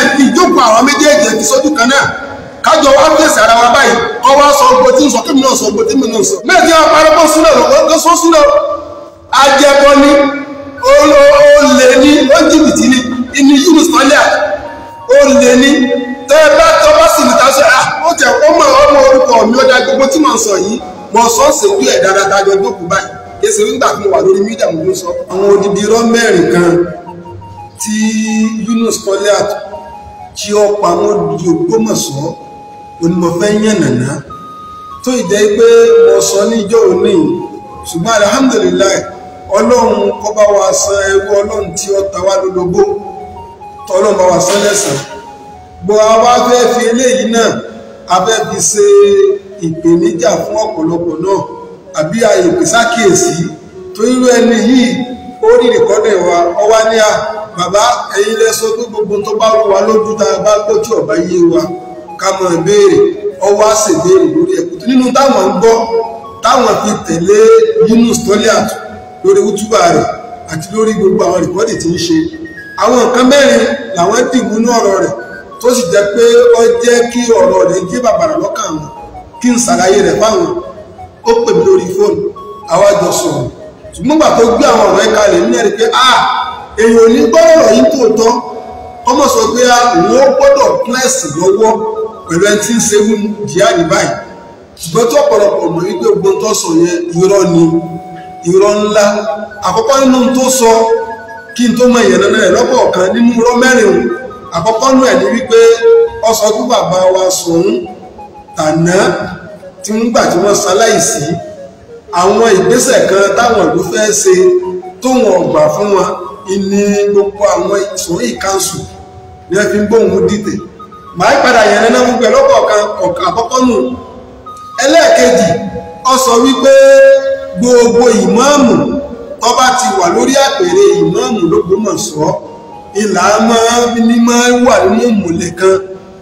ẹ fi jókòó àwọn méjèèjì ẹ fi sójú kan náà kájọ wá pèsè ara wa báyìí kọ́ wá sọ ogbó tí ń sọ kémi náà sọ ogbó tí mi náà sọ. méjì wọn parọ́ pọ̀ súnà lọ́wọ́ sọ súnà ajẹbọ ni olè ni ó jìbìtì ni ìní yunus tọ́lẹ̀ olè ni tẹ́ ẹ bá tọ́ bá sì níta sọ ah, ó tẹ ọmọ ọmọ orúkọ mi ó dá gbogbo tí mò ń sọ yìí mọ̀ sọ́ọ̀sì ojú ẹ̀ dáadáa dájọ́ jókòó báyìí kése nígbà tí mo wà lórí mídíà mo ló sọ. àwọn odidi irọ́ mẹ́rin kan tí Yunus tí ó pa wọ́n di Ògbómọ̀ṣọ́ onímọ̀fẹ́ yànnàná tó ìjẹ́ pé mo sọ níjọ́ òní ṣùgbọ́n alihamudulilayi ọlọ́run kọ́ bá wa san ẹrú ọlọ́run tí ó ta wá lólobó tọ́lọ́run bá wa san lẹ́sàn-án gbọ́ àwa fẹ́ fi eléyìí náà a fẹ́ fi ṣe ìpèníjà fún ọ̀pọ̀lọpọ̀ náà àbí àyè pèsákìyèsí tó irú ẹni yìí ó rí rìkọ́dẹ̀ wa ọwá ní à bàbá ẹ̀yin lẹ sọ pé gbogbo tó bá wù wá lójú tá a bá lójú ọ̀bá yé wa ká mọ̀ béèrè ọwọ́ á sì béèrè lórí ẹ̀kú nínú táwọn ń gbọ́ táwọn fi tẹ̀lé Yunus tọ́líàtù lórí wútúbà rẹ̀ àti lórí gbogbo àwọn rìkọ́dì tí ń ṣe àwọn nǹkan mẹ́rin làwọn dìbò ní ọ̀rọ̀ rẹ̀ tó sì jẹ́ pé ó jẹ́ kí ọ̀rọ̀ rẹ̀ jẹ́ bàbàrà lọ́kàn wọn kí n ṣàlàyé rẹ̀ fáwọn ó pè mí lórí fóònù àwa jọ ṣùgbọ́n gbà tó gbé àwọn ọ̀rọ̀ ẹ̀ka rẹ̀ nílẹ̀ rí pé ah, èyàn ò ní gbọ́dọ̀ yìí tó tọ́ ọmọ sọ pé òun ó gbọ́dọ̀ pẹ́ẹ́sì lọ́wọ́ pẹ̀lú ẹni tí ń ṣe mú jihadi báyìí ṣùgbọ́n tó ọ̀pọ̀lọpọ̀ mọ̀ wípé ogun tó sọ yẹn irọ́ ni irọ́ ńlá àkọ́kọ́ nínú tó sọ kí n tó mọ ìyẹn náà ẹ̀ lọ́pọ̀ kan nínú irọ́ mẹ́rin àkọ́kọ́ nù ẹ̀ ní wípé ọ sọ bàbá wa sòun tàná tí ń gbà tí wọ́n ṣaláìsí àwọn ìgbésẹ̀ kan táwọn ìlú fẹ́ ṣe tó wọn ọgbà fún wọn ìní gbogbo àwọn ìsòrí ìkánṣu ní ẹ fi ń gbóhùn dìde màá padà yẹn náà gbogbo ẹ lọ́kọ̀ọ̀kan ọ̀kan àkọ́kọ́ nù ẹlẹ́ẹ̀kejì ọ sọ wípé gbogbo ìmáàmù tó bá ti wà lórí àpèrè ìmáàmù l'Ógbómọ̀ṣọ́ ìlà máa ní máa wà nínú ìmùlẹ̀ kan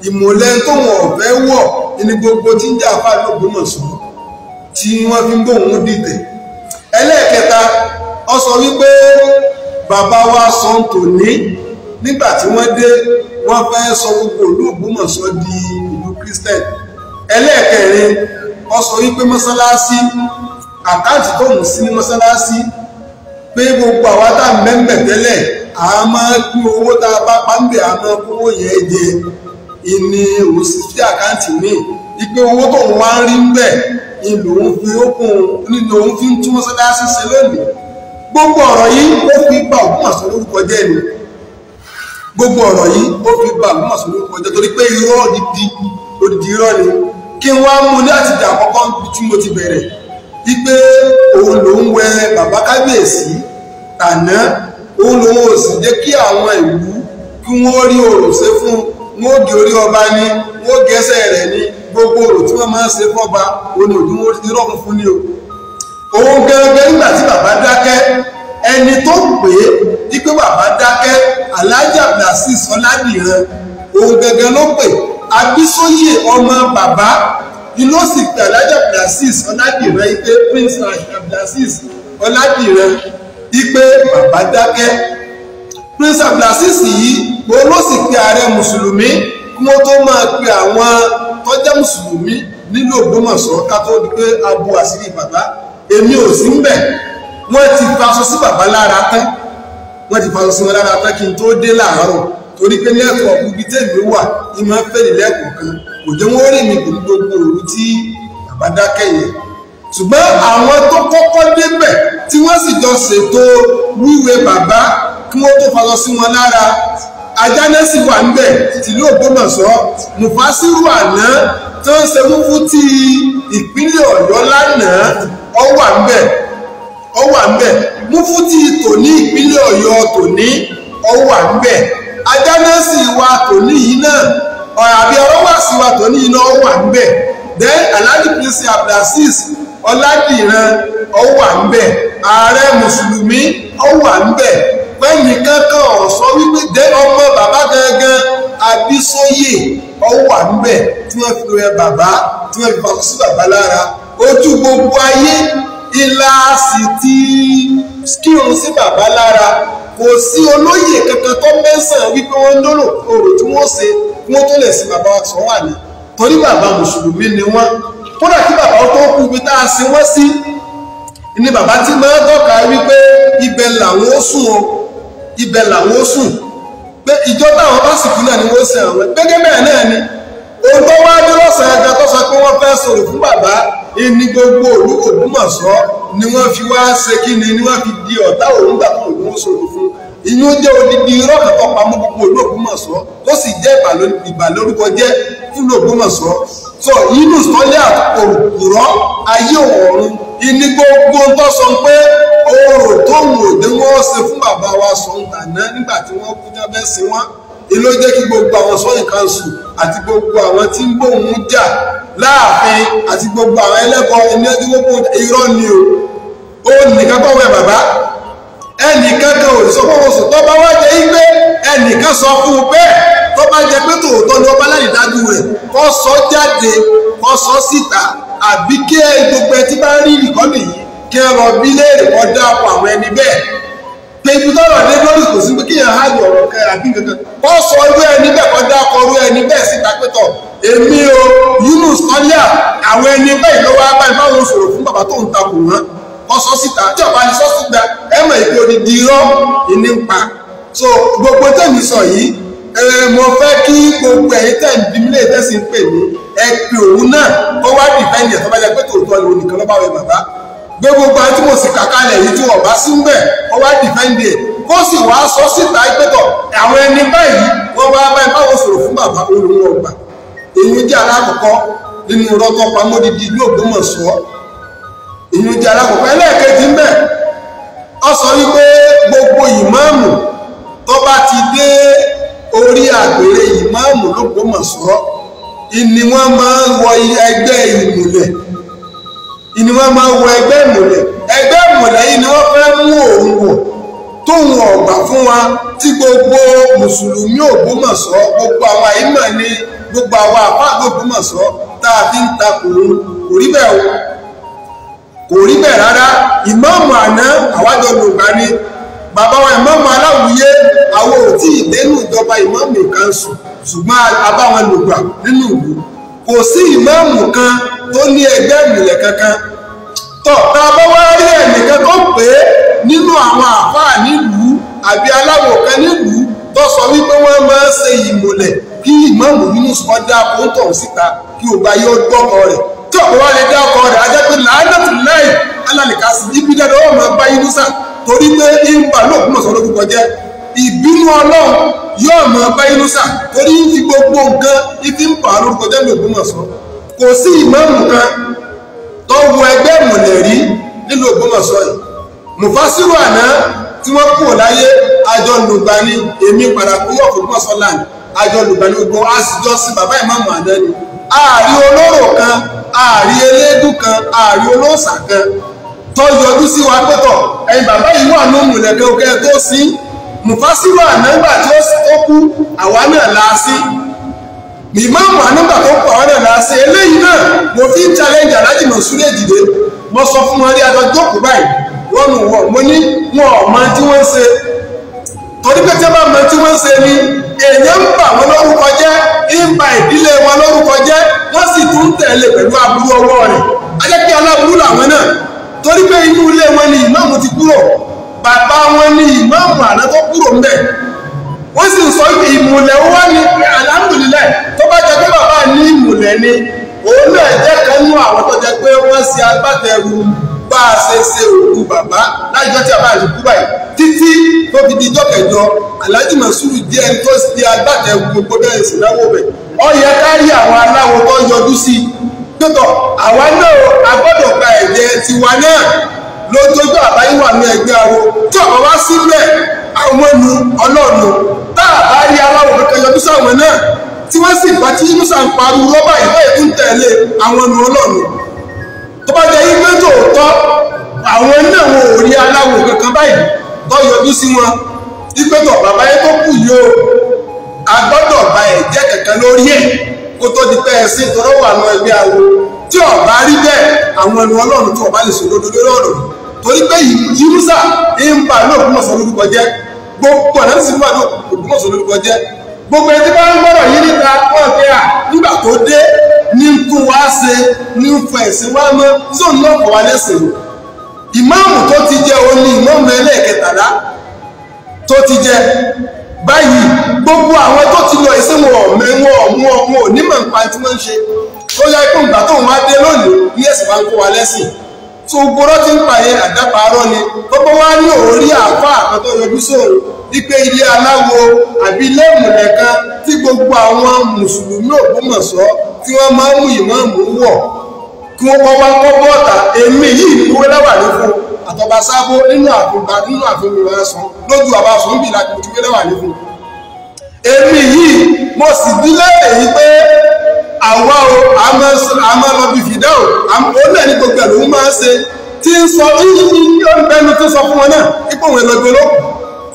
ìmùlẹ̀ tó wọn ọ̀fẹ́ wọ̀ ní gbogbo tí ń jà fà l'Ógbómọ̀ṣọ́ tí wọ́n fi ń gbóhùn dìde ẹlẹ́ẹ̀kẹta ọ sọ wípé bàbá wa sọ tòní nígbà tí wọ́n dé wọ́n fẹ́ sọ gbogbo ìlú Ògbómọ̀ṣọ́ di ìlú Christian ẹlẹ́ẹ̀kẹrin wọ́n sọ wípé mọ́sálásí àkáǹtì tó mú sí mọ́sálásí pé gbogbo àwa tá mẹ́mẹ́ tẹ́lẹ̀ a máa kú owó tá a bá pàǹbẹ̀ a máa kówó yẹn jẹ ìní òun sì fi àkáǹtì míì ipe owó tó ń wá ń rí ń bẹ̀ ìlú òun fi ó kún nínú òun fi ń tún mọ́sálásí ṣe lónìí gbogbo ọ̀rọ̀ yìí ó fi gba Ògbómọ̀ṣọ́ lórúkọ jẹ́ ni gbogbo ọ̀rọ̀ yìí ó fi gba Ògbómọ̀ṣọ́ lórúkọ jẹ́ torí pé irọ́ odidi odidi irọ́ ni kí n wá mú láti dà kọ́kọ́ tí mo ti bẹ̀rẹ̀ wípé òun ló ń wẹ bàbá kábíyèsí tàná òun lòun ò sì jẹ́ kí àwọn ìlú kí wọ́n rí òrò ṣe fún wọn ó gé orí ọba ni wọn ó gẹ́sẹ̀ rẹ̀ ni gbogbo òrò tí wọ́n máa ń ṣe fọ́ba òun ò ní ti rọ́ọ̀kùn òun gẹ́gẹ́ nígbà tí bàbá dákẹ́ ẹni tó pè é wípé bàbá dákẹ́ alájà blasis ọládìran òun gẹ́gẹ́ ló pè abísóyè ọmọ bàbá ló sì pè alájà blasis ọládìran ipe prince alájà blasis ọládìran ipe bàbá dákẹ́ prince abdulaziz yìí mo ló sì pe ààrẹ mùsùlùmí kí wọ́n tó máa pe àwọn tọ́jà mùsùlùmí nílò Ògbómọ̀ṣọ́ ká tó di pé abo àṣírí bàbá èmi ò sí ń bẹ̀ wọ́n ti faṣọ sí bàbá lára tán wọ́n ti faṣọ sí wọn lára tán kí n tó dé láàárọ̀ torí pé ní ẹ̀kọ́ ibi tèmi wà ní máa ń fẹ́lẹ̀ lẹ́kọ̀ọ́ kan kò jẹ́ wọ́n rìn mí pẹ̀lú gbogbo òru tí bàbá dákẹ́ yẹn ṣùgbọ́n àwọn tó kọ́kọ́ débẹ̀ tí wọ́n sì jọ ṣètò wíwé bàbá kí wọ́n tó faṣọ sí wọn lára ajánẹ́sì wà ń bẹ̀ tìlú Ògbómọ̀ṣọ́ mufasiru àná tó ń ṣe fúnfún ti ìpínlẹ̀ Ọ̀yọ́ lánàá ọ wà ń bẹ̀ ọ wà ń bẹ̀ múfútì tòní ìpínlẹ̀ ọ̀yọ́ tòní ọ wà ń bẹ̀ ajánásì wa tòní yìí náà àbí ọlọ́wà sí wa tòní yìí náà ọ wà ń bẹ̀ then alhaji prince abdulaziz ọládìran ọ wà ń bẹ̀ ààrẹ mùsùlùmí ọ wà ń bẹ̀ fẹ́yìn kankan ọ̀ wípé dé ọmọ bàbá gangan abísóyè ọ wà ń bẹ̀ tí wọ́n fi rẹ bàbá tí wọ́n fi bàbá sí bàbá lára ojú gbogbo ayé ilá sì ti kírun sí bàbá lára kò sí olóyè kankan tó mẹ́sàn-án wípé wọ́n ń dọ́rò orò tí wọ́n ṣe kí wọ́n tó lẹ̀ sí bàbá wa sọ wà ní torí bàbá mùsùlùmí ni wọ́n kódà kí bàbá tó kú ibi tá a sin wọ́n sí ni bàbá ti máa ń tọ́ka wípé ibẹ̀ làwọn ó sùn o ibẹ̀ làwọn ó sùn pé ìjọ táwọn bá sì kú náà ni wọ́n ṣe àwọn gbẹ́gẹ́ bẹ́ẹ̀ náà ni òun tó wá dé lọ́sàn-án ẹ̀ka tó sọ pé wọ́n fẹ́ sọ̀rọ̀ fún bàbá ní gbogbo òlú Ògbómọ̀ṣọ́ ni wọ́n fi wá ṣe kí ni ni wọ́n fi di ọ̀tá òun gbà tó òun ṣòro fún ìyún jẹ́ odidi irọ́ kan tó pamọ́ gbogbo òlú Ògbómọ̀ṣọ́ tó sì jẹ́ ìbàlórúkọ jẹ́ fúlù Ògbómọ̀ṣọ́ sọ inú sọlẹ́ àkùrọ̀ ayé ọ̀run ìní gbogbo tó sọ pé oòrùn tóun òde wọn ṣe fún bàbá wa sọ̀ǹtàná nígbà tí wọ́n kú jábẹ́ sí wọn èló jẹ́ kí gbogbo àwọn sọ́yìn kanṣu àti gbogbo àwọn tí ń bóun jà láàfin àti gbogbo àwọn ẹlẹ́kọ̀ọ́ ẹni ẹni gbogbo irọ́ ni o ó nìkan bọ̀ wẹ̀ bàbá ẹnìkan kan ò sọ fún oṣù tó bá wá jẹ́ igbe ẹnìkan sọ fún un pé tó bá jẹ pé tòótọ́ ni ọba láyé dájú rẹ̀ kó sọ jáde kó sọ síta àbí kí gbogbo ẹ ti bá rí nìkan nìyí kí ẹ lọ bí léèrè kó dáàbò àwọn ẹni bẹ́ẹ̀ tẹ̀bí tọ́rọ̀ dé lórí kò sí pé kéèyàn háàdì ọ̀rọ̀ kẹ àbí kankan kọ́ sọ irú ẹni bẹ́ẹ̀ kọ́ dá kọ irú ẹni bẹ́ẹ̀ síta pẹ́tọ̀ èmi o Yunus kọ́líà àwọn ẹni bẹ́ẹ̀ lọ́wọ́ abáyé báwọn sọ̀rọ̀ fún bàbá tó ń takò wọn kọ́ sọ síta tí ọ̀bá ni sọ síta ẹ mọ̀ ìpè odidi irọ́ ìní ń pa so gbogbo tẹ̀mí sọ yìí mo fẹ́ kí gbogbo ẹ̀yin tẹ̀ ń bí mílẹ̀ tẹ̀sí ń pè mí ẹ pè òun náà kó wá dìbẹ́ǹdì ẹ̀ tó bá jẹ́ pé tòótọ́ ni òun nìkan ló bá wẹ bàbá gbé gbogbo àti mo sì kàkalẹ̀ yìí tí wọ́n bá sí ń bẹ̀ sọ síta àwọn ẹni báyìí wọ́n báyìí báwo sọ̀rọ̀ fún bàbá ọgbà èyí jẹ́ alákọ̀ọ́kọ́ nínú rọ́gọ́ pamọ́dídì ìlú Ògbómọ̀ṣọ́ èyí jẹ́ sọ wípé gbogbo ìmáàmù tó bá ti dé orí àgbèrè ìmáàmù ìní wọ́n máa ń wọ ẹgbẹ́ ni wọ́n máa wọ ẹgbẹ́ ìmọ̀lẹ̀ ẹgbẹ́ ìmọ̀lẹ̀ yìí ni wọ́n fẹ́ mú òun wọ̀ tóun ọ̀gbà fún wa tí gbogbo mùsùlùmí Ògbómọ̀ṣọ́ gbogbo àwa ìmọ̀ ni gbogbo àwa àpáàgbò Ògbómọ̀ṣọ́ tá a fi ń ta kòun kò rí bẹ́ẹ̀ o kò rí bẹ́ẹ̀ rárá ìmáàmù àná àwájọ Yorùbá ni bàbá wa ìmáàmù aláwùyé àwọn ò tí ì dénú ìjọba ìmáàmù ìkànsù ṣùgbọ́n a lògbà nínú ìlú kò sí ìmáàmù kan tó ní ẹgbẹ́ ìmìlẹ̀ kankan tọ́ tá bá wá rí ẹnìkan tó pè é nínú àwọn àfáà nílùú àbí aláwọ̀ kan nílùú tó sọ wípé wọ́n máa ń ṣe ìmọ̀lẹ̀ kí ìmáàmù yunus kan dá kóńtọ̀ síta kí o bá yọ dọ́kọ rẹ̀ tí ọ̀pọ̀ wá lè dọ́kọ rẹ̀ ajá pé láì alálìkásí ibi dáadáa ó máa bá ìbínú ọlọ́run yóò mọ ọgbẹ́ inúṣà torí ní gbogbo nǹkan ibi ń pa lórúkọ jẹ́mi Ògbómọ̀ṣọ́ kò sí ìmáàmù kan tó wọ ẹgbẹ́ mọ̀lẹ́rí nílùú Ògbómọ̀ṣọ́ yìí mùfásírù àná tí wọ́n kúrò láyé àjọ lùgbani èmi padà kúrò Ògbómọ̀ṣọ́ land àjọ lùgbani gbogbo àṣìjọ sí bàbá ìmáàmù àná ni ààrí olóró kan ààrí eléégún kan ààrí olóòṣà kan tó yọjú sí wa pẹ́tọ̀ ẹ̀yin bàbá yìí wà lóhùn lẹ́kẹ́ òkè tó sí mufasiwa àná nígbà tí ó kú àwa náà la sí ìmáàmù ànígbà tó kú àwa náà la sí eléyìí náà mo fi ń challenge aláàjì Mansur Èjìdé mo sọ fún wọn rí adọ wọn mo ní wọn tí wọn ń ṣe torí pé tí wọn ń ṣe ni èèyàn ń bà wọn lórúkọ jẹ́ ń bà ìdílé wọn lórúkọ jẹ́ wọ́n sì tún tẹ̀lé pẹ̀lú aburú ọwọ́ rẹ̀ aláburú làwọn náà bàbá wọn ní ìmáàmù àná tó kúrò ń bẹ̀ wọ́n sì ń sọ ìmùlẹ̀ wá ní alhamdulillah tó bá jẹ́ pé bàbá ní ìmùlẹ̀ ni òun náà jẹ́ kan àwọn tó jẹ́ pé wọ́n ṣe agbátẹrù bá a ṣe ṣe òkú bàbá lájọ́ tí a bá rí kú báyìí títí tó fi di jọ́kẹ̀jọ Alhaji Masiru díẹ̀ tó di agbátẹrù gbogbo bẹ́ẹ̀ sì náwó bẹ̀ ọ yẹ ká rí àwọn aláwo tó yọjú sí i àwa náà a gba ẹ̀jẹ̀ tiwa náà lójoojúmọ́ àbáyé wà ní ẹgbẹ́ awo tí ọ̀pọ̀ wá síbẹ̀ àwọn nu ọlọ́ọ̀nù tá a bá rí aláwọ̀ kankan yọjú sáwọn náà tí wọ́n sì bá tí musa ń paru rọ́bà ìwé ìtún tẹ̀lé àwọn nu ọlọ́ọ̀nù tó bá jẹ́ ibi tó tọ́ àwọn náà wọn ò rí aláwọ̀ kankan báyìí tó yọjú sí wọn ipe bàbá yẹn tó kù yìí o agbọ́dọ̀ ba ẹ̀jẹ̀ kankan lórí ẹ̀ kó tó di pẹ́ ẹ sí àwọn ẹgbẹ́ awo tí ọ̀bá rí bẹ́ẹ̀ àwọn ẹnu ọlọ́run tí ọ̀bá lè sọ lódodo lọ́rùn torí pé yírúsà ń bà ní Ògbómọ̀ṣọ́ lórúkọ jẹ́ gbogbo ọ̀nà sì ń bà ní Ògbómọ̀ṣọ́ lórúkọ jẹ́ gbogbo ẹni tí bá ń gbọ́dọ̀ yí níta wọ́n pé à nígbà tó dé ní tún wá ṣe ní fọ ẹ̀sìn wá mọ́ tó ń lọ́kọ̀ wá lẹ́sìn o ìmáàmù tó ti jẹ òun ni ìmáàmù ẹlẹ́ẹ̀kẹtàlá tó ti jẹ báyìí gbogbo àwọn tó ti lọ ìsìn wọn ọ̀mẹ́ wọn ọ̀mú ọmọ onímọ̀ nípa tí wọ́n ń ṣe tó yẹ kó ìgbà tó ń wá dé lónìí ní ẹ̀sìn wá ń kó wa lẹ́sìn tó gbọ́rọ́ ti ń pàyẹ àdáparọ́ ni gbogbo wá ní òórí àfá àkan tó yọjú sóòrò wípé ilé aláwo àbí ilé ìmùlẹ̀ kan tí gbogbo àwọn mùsùlùmí Ògbómọ̀ṣọ́ tí wọ́n máa ń mú ìmáàmù wọ̀ kí wọ́n kọ́ wá kọ́ bọ́ọ̀tà èmi yìí ní wọ́n lẹ́wà ní fún àtọ̀bà sábó nínú àfihàn nínú àfihàn ìwọ̀n ẹ̀sán lójú àbáṣọ́ ń bì láti mú ti wọ́n lẹ́wà ní fún èmi yìí mo sì dílé èyí pé àwa o àmọ́ lọ bí fìdá o òun náà ní gbogbo ẹ̀ lòun máa ń ṣe tí ń sọ ìbẹnu tó sọ fún wọn náà ipò òun ẹlọgbẹ ló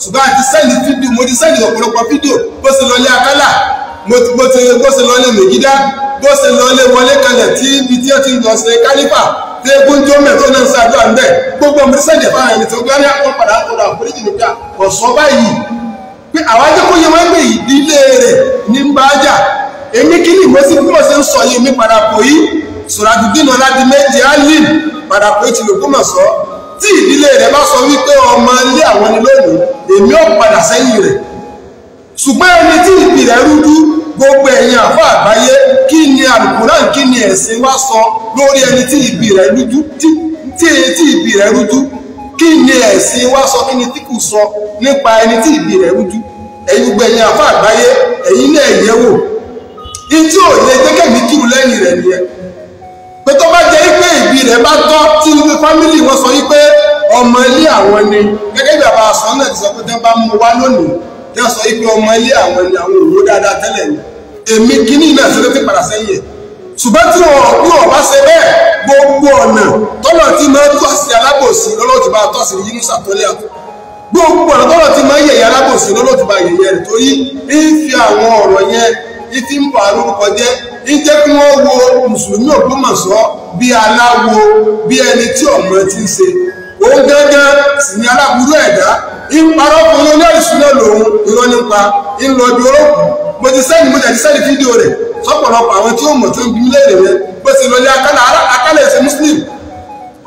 ṣùgbọ́n àti sẹ́ẹ̀lì fídíò mo ti sẹ́ẹ̀lì ọ̀pọ̀lọpọ̀ fídíò bó ṣe lọlé akálà bó ṣe lọlé mègídá bó ṣe lọlé wọlé kalẹ̀ tí ibi tí ó ti lọ ṣe kálífà bí egun tó mẹ́ tó náà ṣàdúrà ń bẹ̀ gbogbo ọmọdé sẹ́ẹ̀lì fáwọn ẹni tó gbá ní àpọ̀ padà àtọ̀rọ̀ àforíjì nípa ọ̀sán pé àwọn ajé kó yẹ wọ́n gbé ìdílé rẹ̀ ní bájà èmi kí ni ìmọ̀sí bí wọ́n ṣe ń sọ yìí mi padà pò yí sùràdùdín ọ̀làdì méje alin padà pò yí tìlókù mọ̀ sọ tí ìdílé rẹ̀ bá sọ wípé ọmọ ilé àwọn ni lónìí èmi ò padà sẹ́yìn rẹ̀ ṣùgbọ́n ẹni tí ìpì rẹ̀ rúdú gbogbo ẹ̀yin àfọ́ àgbáyé kí ni àlùkùrán kí ni ẹ̀sìn wá sọ lórí ẹni tí ìpì rẹ̀ rúdú kí ni ẹ̀sìn wa sọ kí ni tíkù sọ nípa ẹni tí ìdí rẹ̀ rújú ẹ̀yin gbẹ̀yìn àfa àgbáyé ẹ̀yin náà yẹ̀ wò ìtí ò lè gbẹ́kẹ̀ mí kírun lẹ́yìn rẹ̀ nìyẹn pé tó bá jẹ́ pé ìbí rẹ̀ bá tọ́ tí ní fámìlì wọn sọ yí pé ọmọ ilé àwọn ni gẹ́gẹ́ bí àbá àsán náà ti sọ pé tí wọ́n bá mú wá lónìí tí wọ́n sọ yí pé ọmọ ilé àwọn ni àwọn òwò dáadáa tẹ́lẹ̀ ni èmi kíní náà ṣe ló ti padà sẹ́yìn ẹ̀ ṣùgbọ́n máa tú àṣírí alábòsí lọ́lọ́dúnbá tọ́sírí yínú sàtọ́lẹ́à gbogbo ọ̀nà tọ́lọ̀ ti máa ń yẹ̀yẹ́ alábòsí lọ́lọ́dúnbá yẹ̀yẹ́ rẹ̀ torí ń fi àwọn ọ̀rọ̀ yẹn ń ń jẹ́ ń jẹ́ kí wọ́n wo mùsùlùmí bí aláwo bí ẹni tí ọ̀mọ ti ń ṣe òun gángan sì ni aláburú ẹ̀dá ń parọ́ fún un ó mọ̀ tó ń ní akálẹ̀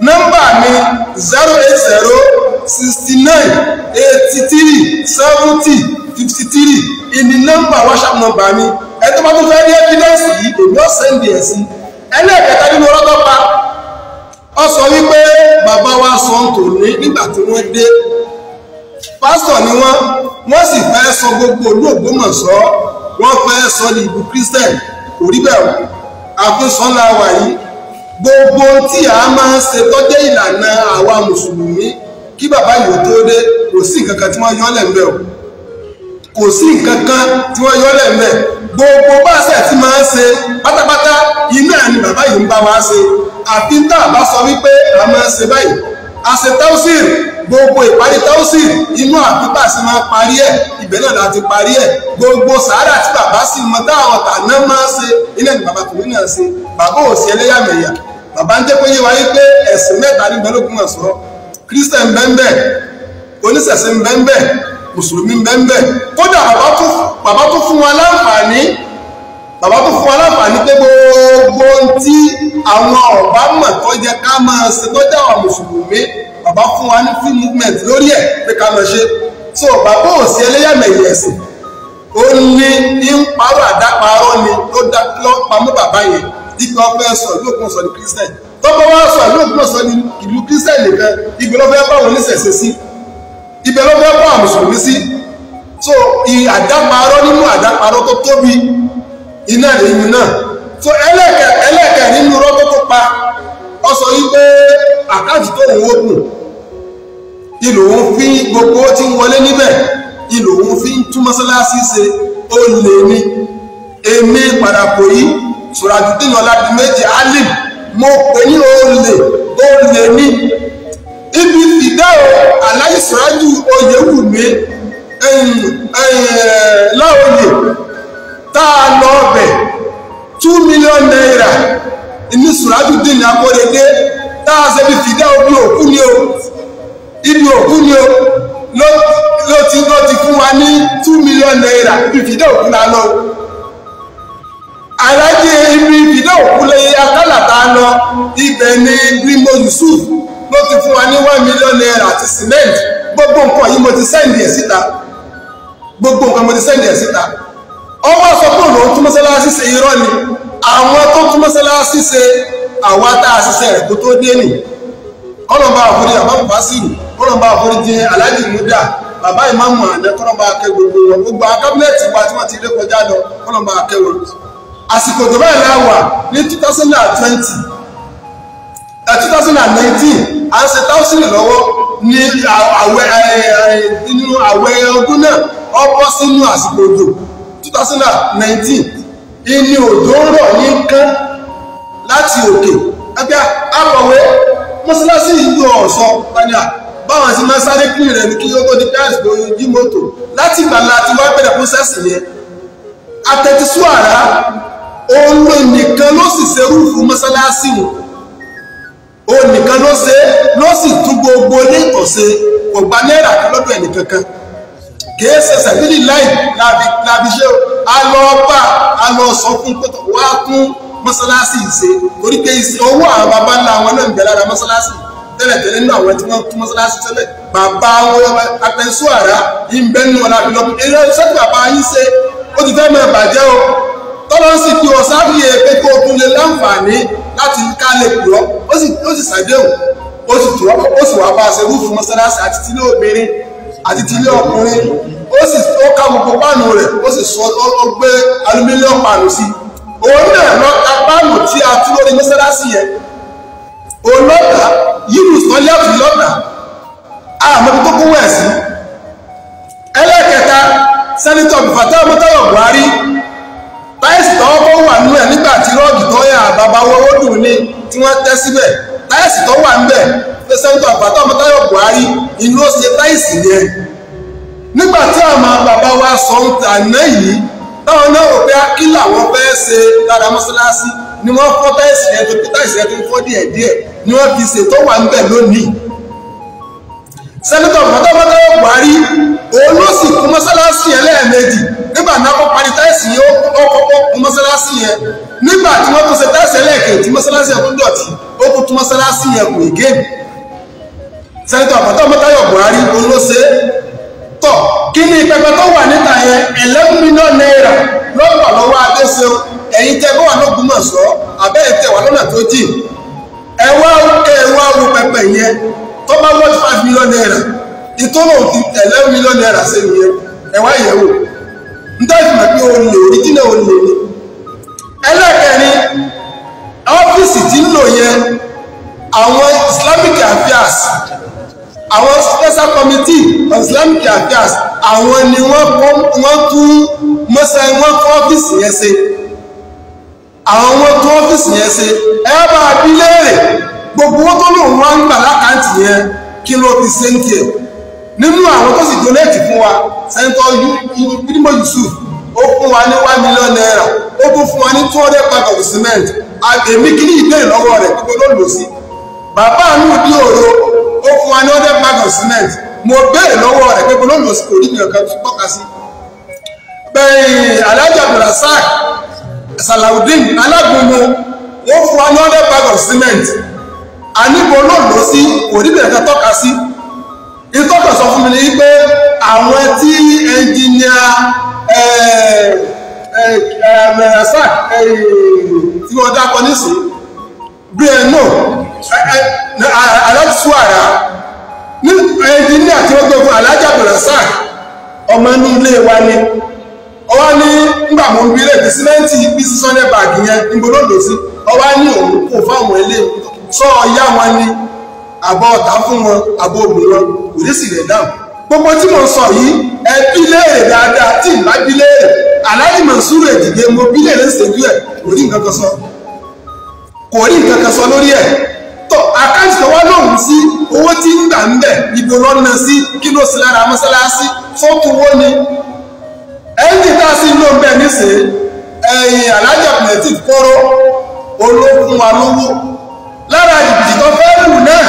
nọ́mbà mi zero eight zero sixty nine eighty three seventy fifty three ìní nọ́mbà whatsapp nọ́mbà mi ẹni tó bá tún fẹ́ rí evidence yìí èmi ò sẹ́ndì ẹ̀ sí ẹlẹ́ẹ̀kẹta nínú ọlọ́dọ́ pa ọ sọ wípé bàbá wa sọ ń tò ní nígbà tí wọ́n dé pásítọ̀ ni wọ́n wọ́n sì fẹ́ sọ gbogbo olú Ògbómọ̀ṣọ́ wọ́n fẹ́ sọ ní ìlú christian kò rí bẹ́ẹ̀ àfihàn sọ́ńlá wa yìí gbogbo tí a máa ń ṣe tọ́jẹ́ ìlànà àwa mùsùlùmí kí bàbá yìí tó dé kò sí nǹkan kan tí wọ́n yọ́ lẹ̀ o kò sí nǹkan kan tí wọ́n yọ́ lẹ̀ gbogbo báṣẹ̀ tí máa ń ṣe pátápátá iná ni bàbá yìí ń bá wa ṣe àfi tá a bá sọ wípé a máa ń ṣe báyìí a ṣe tausir gbogbo ìparí tausir inú àbíbà sí máa parí ẹ̀ ibẹ̀ náà láti parí ẹ̀ gbogbo sàárà tí bàbá sì mọ táwọn tàná máa ń ṣe iná ni bàbá tòun náà ṣe bàbá ò sí ẹlẹ́yàmẹ̀yà bàbá ń jẹ́ pé yé wa yí pé ẹ̀sìn mẹ́ta ní gbẹ́lógún ọ̀sọ́ kírísítẹ̀n bẹ́ńbẹ́ oníṣẹ̀ṣe bẹ́ńbẹ́ mùsùlùmí bẹ́ńbẹ́ kódà bàbá tó fún wa láǹfààní bàbá tó fún wa láǹfààní pé gbogbo ohun tí àwọn ọ̀bá mọ̀ tó yẹ ká máa ṣe tó jẹ́ àwọn mùsùlùmí bàbá fún wa ní free movement lórí ẹ̀ pé ká máa ṣe so bàbá ò sí ẹlẹ́yàmẹ̀yẹ ẹ̀sìn ó ní ń parọ́ àdáparọ́ ni ló pamọ́ bàbá yẹn ibi ọbẹ̀ sọ ìlú ògbọ́n sọ ní christian tọ́pọ̀ wá sọ ìlú ògbọ́n sọ ní ìlú christian nìkan ibẹ̀ ló fẹ́ bá wọn oníṣẹ̀ṣe sí ibẹ̀ ló fẹ́ bá àwọn mùsùlùmí sí so àdáparọ́ nínú àdáparọ́ tó tóbi iná lẹ́yìn náà so ẹlẹ́kẹ̀ ẹlẹ́kẹ̀ nínú rọ́gbọ́ tó pa ọ sọ yí pé àkáǹtì tó wọ́n ogun ìlò òun fi gbogbo tí ń wọlé níbẹ̀ ìlò òun fi ń tún mọ́sálásí ṣe ó lè ní èmi padà kò yìí surajudeen ọládìmẹ́jì alim mo pè ní olè tó lè ní ibi fìdáwò aláìsíwájú oyè wù mí láòyè tá a lọ ọbẹ̀ two million naira ní surajudeen akóredé tá a ṣe bí fìdáwò bí òkú ni o ibi òkú ni o ló ti ló ti fún wa ní two million naira ibi fìdáwò kú la lọ. alájí ibi ìbílẹ̀ òkúlé akálà lọ ibẹ̀ ni Limbo Yusuf ló ti fún wa ní one million naira àti cement gbogbo nǹkan yìí mo ti sẹ́ǹdì ẹ̀ síta gbogbo nǹkan mo ti sẹ́ǹdì ẹ̀ síta sọ pé òun tún ni àwọn tó tún mọ́sálásí ṣe ṣiṣẹ́ rẹ̀ tó dé nì kọ́lọ́mbà àforí àbámu kọ́lọ́mbà àforí aláàjì múdà bàbá ìmáàmù àná kọ́lọ́mbà gbogbo wọn gbogbo àsìkò tó báyìí láwà ní 2020 2019 à ń ṣe táwùsìlì lọ́wọ́ ní àwẹ̀ inú àwẹ̀ ọdún náà ọbọ̀ sínú àsìkò òjò 2019 inú òjò ń rọ̀ ní kán láti òkè ẹgbẹ́ àbọ̀wé mọ́sálásí ìgbò ọ̀sán pàdé báwọn sí máa sáré kí rẹ̀ ní kí ó tó di pẹ́ẹ̀sì tó yí mọ́tò láti ìgbàlá àti wọ́n bẹ̀rẹ̀ fún sẹ́sì yẹn àtẹ̀tísú àrá òun nìkan ló sì ṣerú fún mọ́sálásí wọn òun nìkan ló ṣe ló sì tún gbogbo ní ọ̀sẹ̀ kò gba náírà kan lọ́dọ̀ ẹnì kankan kìí ṣe sẹ́bílì láì láàbí ṣe a lọ bá a lọ sọ fún pẹ́tọ̀ wá tún mọ́sálásí ṣe torí pé owó àwọn bàbá ńlá wọn náà ń bẹ lára mọ́sálásí tẹ́lẹ̀tẹ́lẹ̀ nínú àwọn tí wọ́n tún mọ́sálásí tẹ́lẹ̀ bàbá wọn àtẹ̀sọ́ àrà ìbẹ́nu ọ̀làbílọ́pù eré sẹ́tù tọ́lọ́run sì pé ọ̀sá rí e pé kó o tún lè láǹfààní láti ká lè pè ọ́ ó sì ṣàdéhùn ó sì tù ọ́ ó sì wá bá a ṣe rúfù mọ́sálásí àti tílé obìnrin àti tílé ọkùnrin ó sì ó ká gbogbo páànù rẹ̀ ó sì sọ ó gbé alumílíọ̀n páànù sí òun náà lọ́ta páànù tí a tú lórí mọ́sálásí yẹn òun lọ́ta yíyù sọ́lẹ́ọ̀tì lọ́ta àmọ́bí tó kówó ẹ̀ sí ẹlẹ́kẹta sẹ́nitọ̀ táìsì tọ́wọ́ bọ́ wà nínú ẹ̀ nígbà tí rọ́ọ̀gì tó yà bàbá wọ́rọ́ dùn ní tí wọ́n tẹ́ síbẹ̀ táìsì tó wà níbẹ̀ pé sẹ́ńtọ̀ àbátọ́ ọmọtáyọ̀ Buhari inú ó ṣe táìsì yẹn nígbà tí àwọn bàbá wa sọ ń ta iná yìí táwọn náà rò pé kí làwọn fẹ́ ṣe lára mọ́ṣáláṣí ni wọ́n fọ́ táìsì yẹn tó táìsì yẹn tó ń fọ́ díẹ̀ díẹ̀ ni wọ́n fi ṣètò wà níbẹ̀ lónìí sẹ́ńtọ̀ àbátọ́ ọmọtáyọ̀ Buhari òun ló sì kún mọ́sálásí yẹn lẹ́ẹ̀mejì nígbà náà kó parí táìsì yẹn ó kọ́kọ́ kún mọ́sálásí yẹn nígbà tí wọ́n tún ṣe táìsì ẹlẹ́ẹ̀kejì mọ́sálásí yẹn kún dọ̀tí ó kún tún mọ́sálásí yẹn kò again sẹ́ńtọ̀ àbọ̀tọ́ mọ́tayọ̀ Buhari òun ló ṣe é tọ̀ kí ni pẹpẹ tó wà níta yẹn eleven million naira lọ́pọ̀ lọ́wọ́ adéṣe ẹ̀yin tẹ́ bó wà lọ́gbọ́mọ̀ṣọ́ àbẹ́yẹ tẹ́ wà lọ́nà tó jìn ẹ̀wá ẹ̀wá wo pẹpẹ yẹn tó bá wọ́n five million naira ìtọ́nà ti tẹ̀lé mílíọ̀nù naira sẹ́nu yẹn ẹ̀wá yẹn wò nítorí mà pé o lè orí dínà o lè ní. ẹlẹ́kẹ̀rin ọ́fíìsì ń lò yẹn àwọn Islamic affairs àwọn special committee on Islamic affairs àwọn ni wọ́n kọ́ wọ́n kọ́ a bí gbogbo owó tó gbà yẹn nínú àwọn tó sì donate fún wa sẹ́ńtọ́ yúdímọ̀ Yusuf ó fún wa ní one million naira ó tún fún wa ní two hundred pack of cement èmi kì í dé ìlọ́wọ́ rẹ̀ kíkó ló lò sí bàbá mi ò dí òro ó fún wa ní one hundred pack of cement mo béèrè lọ́wọ́ rẹ̀ kíkó ló lò sí kò rí mi ọ̀kan tó tọ́ka sí bẹ́ẹ̀ Alhaji Abdulrasaq Salawudeen alágbèmọ wọ́n fún wa ní one hundred pack of cement àníbo ló lò sí kò rí mi ọ̀kan tọ́ka sí. ìtọ́kọ̀ sọ fún mi ní pé àwọn tí ẹnjìníà mẹ̀rẹ̀sàk eh, eh, eh, tí wọ́n dákọ nísìn bí ẹ nù ah, alẹ́tùsùwàrà ní ẹnjìníà tí wọ́n gbogbo alájà mẹ̀rẹ̀sàk ọmọ inú ilé wa ni ọwọ́ ní ngbà mọ̀ nbí ilé bisimẹ́ntì bí sísọ́nẹ́ bàgì yẹn ngbọ́dọ̀ lòsí ọwọ́ ní òun kò fáwọn ilé sọ wọn ni. àbọ̀ ọ̀tá fún wọn àbọ̀ òbí wọn kò ní sì rẹ̀ dáhùn gbogbo tí mo sọ yìí ẹ bí léèrè dáadáa tí ì bá bí léèrè aláàjì Mansuru Èdìdé mo bí léèrè ń ṣèjú ẹ kò rí nǹkan kan sọ kò rí nǹkan kan sọ lórí ẹ tó àkáǹtì tó wá lóhùn sí owó tí ń gbà ń bẹ ibi lọ́nà sí kí ló sì lára mọ́sálásí fọ́ọ̀tù wo ni ẹ̀ńtì tá a sì ń lò ń bẹ nísìnyí ẹ̀yìn aláàjì Abdulatif kóró olókun fẹ́ẹ́ lù náà.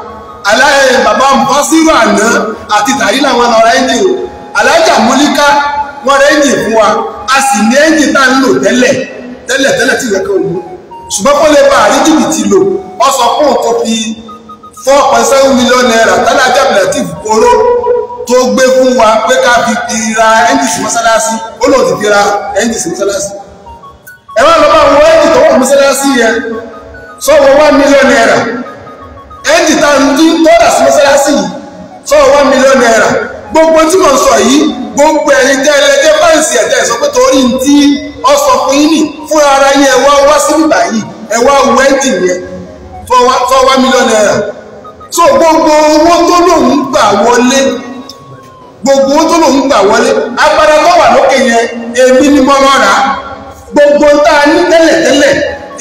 aláyẹ bàbá mọ́sírò àná àti tàrí làwọn lọ́ra ẹ̀yìn o alájà múlíká wọ́n rẹ̀ ẹ̀yìn fún wa a sì ní ẹ̀yìn tá ń lò tẹ́lẹ̀ tẹ́lẹ̀ tẹ́lẹ̀ tí ìrẹ́kẹ́ òun ṣùgbọ́n kó lè bá àrí jìbìtì lò ọ sọ fún òtò fi four point seven million naira tálá jẹ́bìlẹ̀tìf kóró tó gbé fún wa pé ká fi ra ẹ́ńjìsì mọ́sálásí ó lòun ti fi ra ẹ́ńjìsì mọ́sálásí ẹ̀rọ lọ́wọ́ àwọn ẹ́ńjì tó wà mọ́sálásí yẹn sọ́wọ́ one million naira ẹ́ńjì tá ń dín tọ́lá sí mọ́sálásì yìí naira gbogbo tí mo ń gbogbo ẹ̀yin tẹ́ ẹlẹ́jẹ́ fáǹsì ẹ̀jẹ̀ sọ pé torí ń tí ọ ara yín ẹ wá wá sí bíbá yìí ẹ wá wọ naira so gbogbo owó tó lòun gbà wọlé gbogbo owó tó lòun gbà wọlé agbára tó gbogbo tá a ní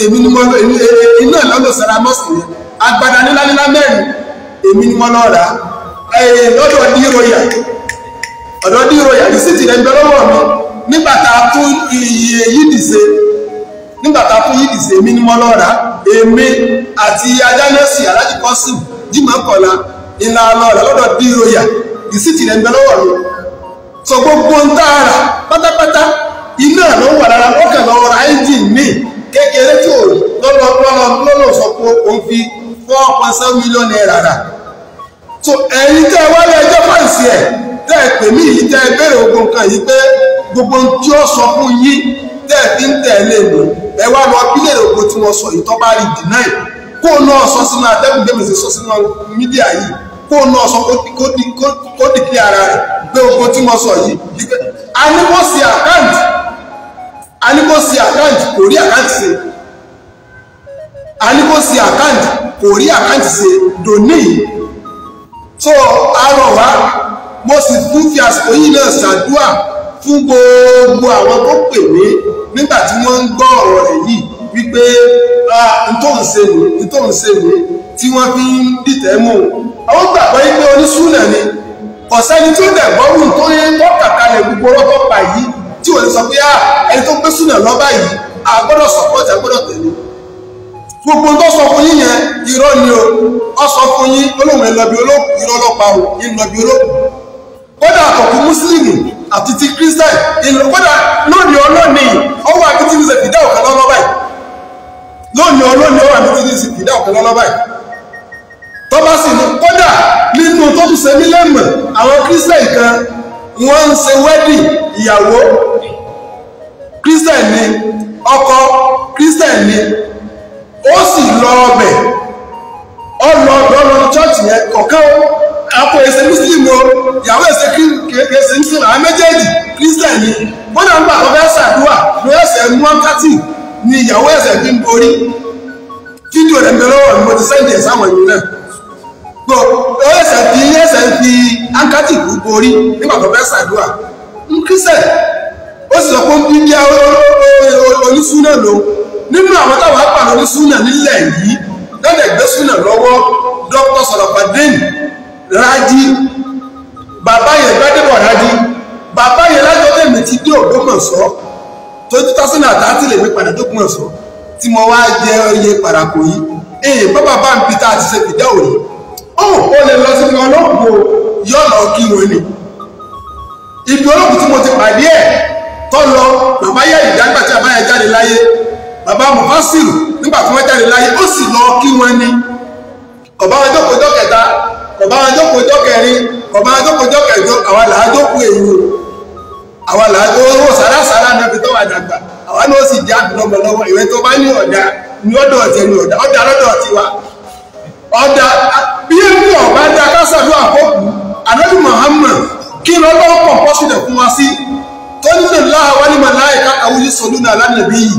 èmi ni mo agbada níláńlá mẹ́rin èmi ni wọ́n lọ rà lọ́dọ̀ díroyà ọ̀dọ̀ díroyà rìsíìtì rẹ̀ ń bẹ lọ́wọ́ mi nígbà tá a tún iye yìí dìse nígbà tá a tún yìí dìse èmi ni wọ́n lọ rà èmi àti adánẹ́sì alájí kọ́sìm jìmọ̀ kọ̀la ìlà lọ́ọ̀rẹ́ lọ́dọ̀ díroyà rìsíìtì rẹ̀ ń bẹ lọ́wọ́ mi sọ gbogbo ń tá a rà pátápátá iná ló wà lára ó kàn lọ́wọ́ ra ẹ́ńjìn míì kékeré tí ò lọ́lọ́ lọ́lọ́ lọ́lọ́ sọ pé òun fi four point seven million naira rà so ẹ̀yin tẹ́ ẹ wáyé ẹjọ́ fàǹsì ẹ̀ tẹ́ ẹ pè mí yìí tẹ́ ẹ béèrè ogun kan yìí pé gbogbo ohun tí ó sọ fún yín tẹ́ ẹ fi ń tẹ̀lé mọ́ ẹ wá lọ bílẹ̀ ogun tí wọ́n sọ ìtọ́ba rí deny kó náà sọ sínú atẹ́gùn gbèmí sí sọ sínú mídíà yìí kó náà sọ kó dìkì ara rẹ̀ gbé ogun tí wọ́n sọ yìí a ní kó ṣe àkáǹtì a àkáǹtì kò rí àkáǹtì ṣe a àkáǹtì kò rí àkáǹtì ṣe dòní so arọ wa mo sì tún fi àsìkò yìí náà ṣàdúà fún gbogbo àwọn tó pè mí nígbà tí wọ́n ń gbọ́ ọ̀rọ̀ rẹ̀ yìí wípé ntòun ṣe mí ntòun ṣe mí tí wọ́n fi ń dìtẹ̀ mú àwọn gbàgbọ́ yìí pé oníṣúná ni ọ̀sẹ́ni tó dẹ̀gbọ́ wù tó yẹ tó kàkà lẹ̀ gbogbo ọlọ́tọ̀ pa yìí tí wọ́n ti sọ pé ẹni tó gbé súnà lọ́ba yìí àgbọ́dọ̀ sọ̀pọ̀tì àgbọ́dọ̀ tẹ̀lé gbogbo tó sọ fún yín yẹn irọ́ ni o ọ sọ fún yín olóhùn ẹlọbi olóògùn irọ́ ọlọ́pàá o ìlọbi kódà mùsùlùmí àti ti kírísítẹ́ì ìlọ kódà lónìí ọlọ́nìí ọwọ́ àkìtì ní sèpìdá ọ̀kan lọ́lọ́ báyìí lónìí ọlọ́nìí ọwọ́ ọ̀kan lọ́lọ́ báyìí tọ́ba sì kódà nínú tó ni ọkọ ni ó sì lọ ọbẹ̀ chọ́ọ̀chì yẹn kọ̀ọ̀kan ó àpò ẹsẹ̀ muslim o ìyàwó ẹsẹ̀ kẹsẹ̀ muslim àwọn méjèèjì christian ni wọ́n náà ń gbà ọbẹ̀ ṣàdúrà ló ẹsẹ̀ ìyàwó ẹsẹ̀ fi ń borí fídíò rẹ̀ mi lọ́wọ́ ni mo ti sẹ́ǹdì ẹ̀ sáwọn ìlú náà gbọ́ ó ẹsẹ̀ fi ẹsẹ̀ fi ọ́nkátì kú borí nígbà tó fẹ́ ṣàdúrà ń christian ó sì sọ pé ó ń bí bí àwọn onísúnà nílẹ̀ yìí lọ́dẹ̀ gbé súnà lọ́wọ́ dr sọ̀rọ̀fàdín rájí bàbá yẹn gbádébọ̀ rájí bàbá yẹn lájọ́ tèmi ti dé Ògbómọ̀ṣọ́ tó two thousand and thirty lèmi padà dé Ògbómọ̀ṣọ́ tí mo wá jẹ oyè Pàràkò yìí èyí bàbá bá ń pitá àti ṣe fìdá òní ó ó lè lọ sí ọlọ́pù yóò lọ kí wọn ni ibi olóògùn tí mo ti pàdé ẹ̀ tọ́ lọ bàbá yẹ ìdágbà tí a bá yẹ jáde láyé bàbá mufasiru nígbà tí wọ́n jáde láyé ó sì lọ kí wọ́n ní ọ̀bá wọn jókòó jọ́ kẹta ọ̀bá wọn jókòó jọ́ kẹrin ọ̀bá wọn jókòó jọ́ kẹjọ àwa làá jókòó èwo àwa làá owó sàràsàrà níbi tó wà dàgbà àwa ni ó sì já lọ́mọ lọ́wọ́ ìwé tó bá ní ọ̀dà ní ọ̀dọ̀ ọ̀tẹ̀ ní ọ̀dà ọ̀dà lọ́dọ̀ tiwa ọ̀dà bí ẹni ọ̀bá dá kásàlú àkókò ànábì Muhammad kí lọ́lọ́ pọ̀ pọ́ṣùlẹ̀ fún wa sí tó nílò láhàwá ní màláìka àwùjọ sọ̀dún náà lánàbí yìí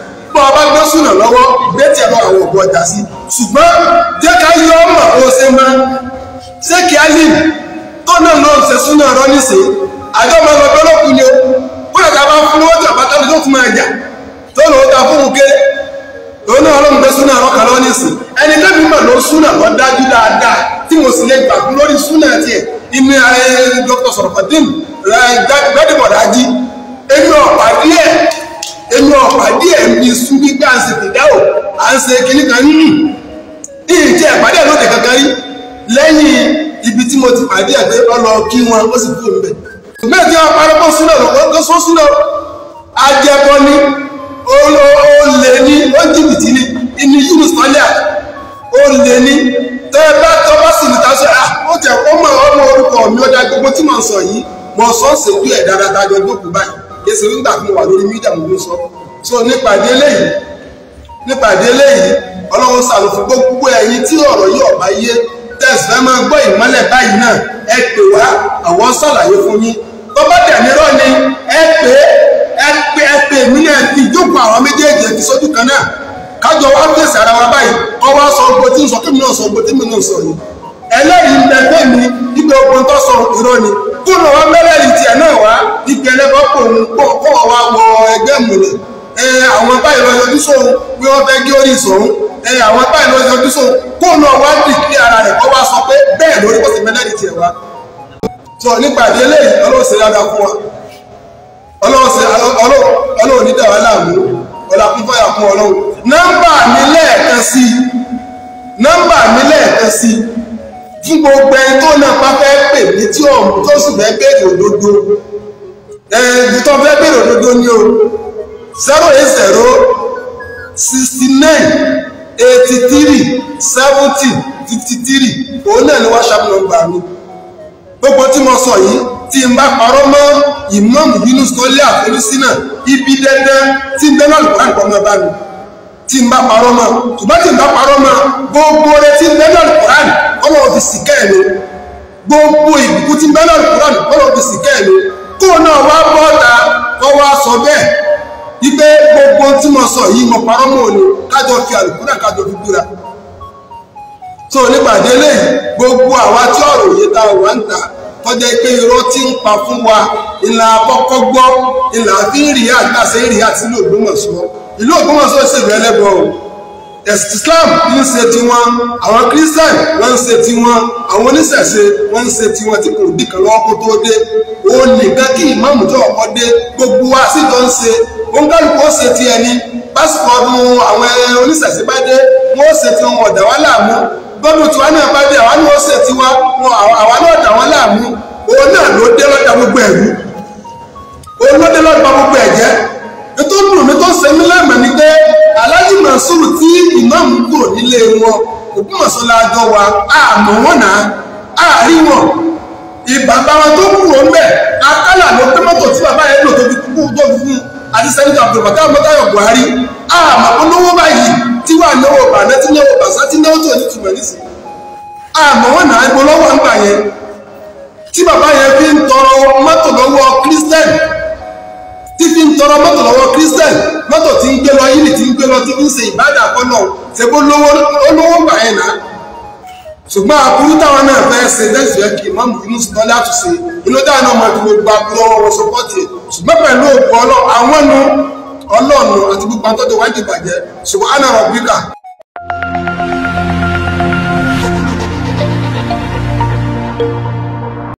bọ́ ọba gbé súnà lọ́wọ́ gbé tiẹ̀ lọ àwọn òkú ọjà sí ṣùgbọ́n jẹ́ ká yọ ọmọ kó ṣe mọ́ ṣé kí á lè tó náà náà ṣe súnà rọ àjọ lọ́kùn ni ó bóyá ká bá fún lọ́wọ́ tí àbá tábí tó tún tó lọ́wọ́ ta fún náà ọlọ́run gbé súnà rọ lọ ẹni tẹ́bi ló súnà lọ dájú dáadáa tí mo sì lè lórí súnà tiẹ̀ Dr. èmi ọ̀pàdé ẹ̀mí sùn nígbà ń ṣe fìdáwò à ń ṣe kinní kan nínú ní ìjẹ́ ìpàdé ẹ̀ lóde kankan rí lẹ́yìn ibi tí mo ti pàdé ẹ̀ pé ọlọ kí wọn ó sì kú òun bẹ̀. bẹ́ẹ̀ tí wọ́n parọ́ pọ̀ súnlẹ̀ lọ́wọ́ sọ súnlẹ̀ ajẹ́bọ ni olè ni ó jìbìtì ni ìní yìí sọ́lẹ̀ olè ni tẹ́ bá tọ́ bá sì níta sọ à ó tẹ̀ ọmọ ọmọ orúkọ mi ó dá gbogbo tí mo sọ yìí mo sọ ṣètò ẹ̀ dáadáa dájọ́ gbòkú báyìí èsì nígbà tí mo wà lórí mídíà mo ń sọ so nípa ìdí eléyìí nípa ìdí eléyìí ọlọ́run sàlù fún gbogbo ẹ̀yin tí ọ̀rọ̀ yìí ọ̀bá yé tẹ̀sí fẹ́ máa gbọ́ ìmọ́lẹ̀ báyìí náà ẹ pè wá àwọn sàlàyé fún yín tó bá dẹ̀ nírọ̀ ni ẹ pè ẹ pè ẹ pè mí náà fi jókòó àwọn méjèèjì ẹ sójú kan náà kájọ wá fèsì ara wa báyìí kọ́ wá sọ gbogbo ń sọ kí mi náà sọ gbogbo mi náà sọ yìí eléyìí ń tẹ́tẹ́ mi nígbà ogun tó sọ ìró ni kúrò wọn mẹ́rẹ̀ tiẹ̀ náà wá ń ẹgbẹ́ ẹ àwọn báyìí lọ yọjú sóhun bí wọ́n fẹ́ gé orí ìṣòhun àwọn báyìí lọ yọjú sóhun kó lọ wá kí ara rẹ̀ kọ́ wá sọ pé bẹ́ẹ̀ lórí kó sì sọ nípa ọlọ́run ṣe dáadáa fún wa ọlọ́run kí gbogbo ẹni tó náà bá fẹ́ pè mí tí ọ̀hún tó sì fẹ́ béèrè òdodo ẹni tó fẹ́ béèrè òdodo ni o zero eight zero sixty nine eighty three seventy fifty three òun náà ni whatsapp number mi gbogbo tí mo sọ yìí tí n bá parọ́ mọ́ ìmọ̀mù Yunus tó lé àforísí náà ibi dandan tí n bẹ́ẹ̀ lọ́lùkọ́ àǹkọ́ mọ́ bá mi tí n bá parọ́ mọ́ ṣùgbọ́n tí n bá parọ́ mọ́ gbogbo rẹ tí n bẹ́ẹ̀ lọ́lùkọ́ àǹkọ́ ọlọ́run fi sì kẹ́ẹ̀mí gbogbo ìbùkún tí bẹ́ẹ̀ náà kúrọ̀ ọlọ́run fi sì kẹ́ẹ̀mí kó náà wá bọ́ ọ̀tá wọ́n wá sọ bẹ́ẹ̀ wípé gbogbo tí mo sọ yìí mo parọ́ mọ́ òní kájọ fi àlùkùrà kájọ fi búra tó nípàdé eléyìí gbogbo àwa tí ọ̀rọ̀ yìí ta wà ń ta tọ́jà pé irọ́ tí ń pa fún wa ìlà àkọ́kọ́ gbọ́ ìlà àfi ń rí àgbàṣe ń rí àti ìlú Ògbómọ̀ṣọ́ ìlú Ògbómọ̀ṣọ́ sì rẹ́lẹ́bọ̀ọ́ Islam ń ṣe tiwọn àwọn Christian wọ́n ń ṣe tiwọn àwọn oníṣẹ̀ṣe wọ́n ń ṣe tiwọn tí kò dìkan lọ́wọ́ kó tó dé ó nìkan kí ìmáàmù tó ọkọ dé gbogbo wa sì jọ ń ṣe òun kálukú ó ṣe ti ẹni pásítọ̀ ọdún àwọn oníṣẹ̀ṣe bá dé wọ́n ó ṣe ti wọn ọ̀dà wa láàmú gbọ́dọ̀ tiwa náà bá dé àwa náà ó ṣe tiwa àwa náà dà wọ́n láàmú òun náà ló dé lọ́dà gbogbo ẹ̀rú òun ló dé lọ́dà gbogbo ẹ̀jẹ̀ ètò ìdùnnú mi tó ń ṣe mí lẹ́mọ̀ ni pé Alhaji Mansour tí ìmáàmù kúrò nílé wọn Ògbómọ̀ṣọ́ la jọ wa àmọ́ wọn náà àárí wọn ìbàbá wọn tó kúrò ńbẹ akálà ló pé mọ́tò tí bàbá yẹn lò tó fi kú tó fi fún àti Buhari àmọ́ olówó báyìí tí wà tí bàṣá tí tó ní tùmọ̀ àmọ́ wọn náà lọ́wọ́ fi ń tọrọ mọ́tò lọ́wọ́ tí fi ń tọrọ mọ́tò lọ́wọ́ christian mọ́tò tí ń gbé lọ yìí tí ń gbé lọ tí ń ṣe ìbádà kọ́nà ṣègbó lówó olówó gbà yẹn náà ṣùgbọ́n àkúrú táwọn náà fẹ́ ṣe lẹ́sìn rẹ̀ kì í mọ́mù inú sùtọ́ láti ṣe inú dáhùn náà mọ̀ ju gbogbo àbúrò ọwọ́ sọpọ́tì ẹ̀ ṣùgbọ́n pẹ̀lú òkú ọlọ́ọ̀nù àwọn ọlọ́ọ̀nù àti gbogbo àtọ́jọ́ wájú ìbàjẹ́ ṣùgbọ́n àná rọ̀ bíkà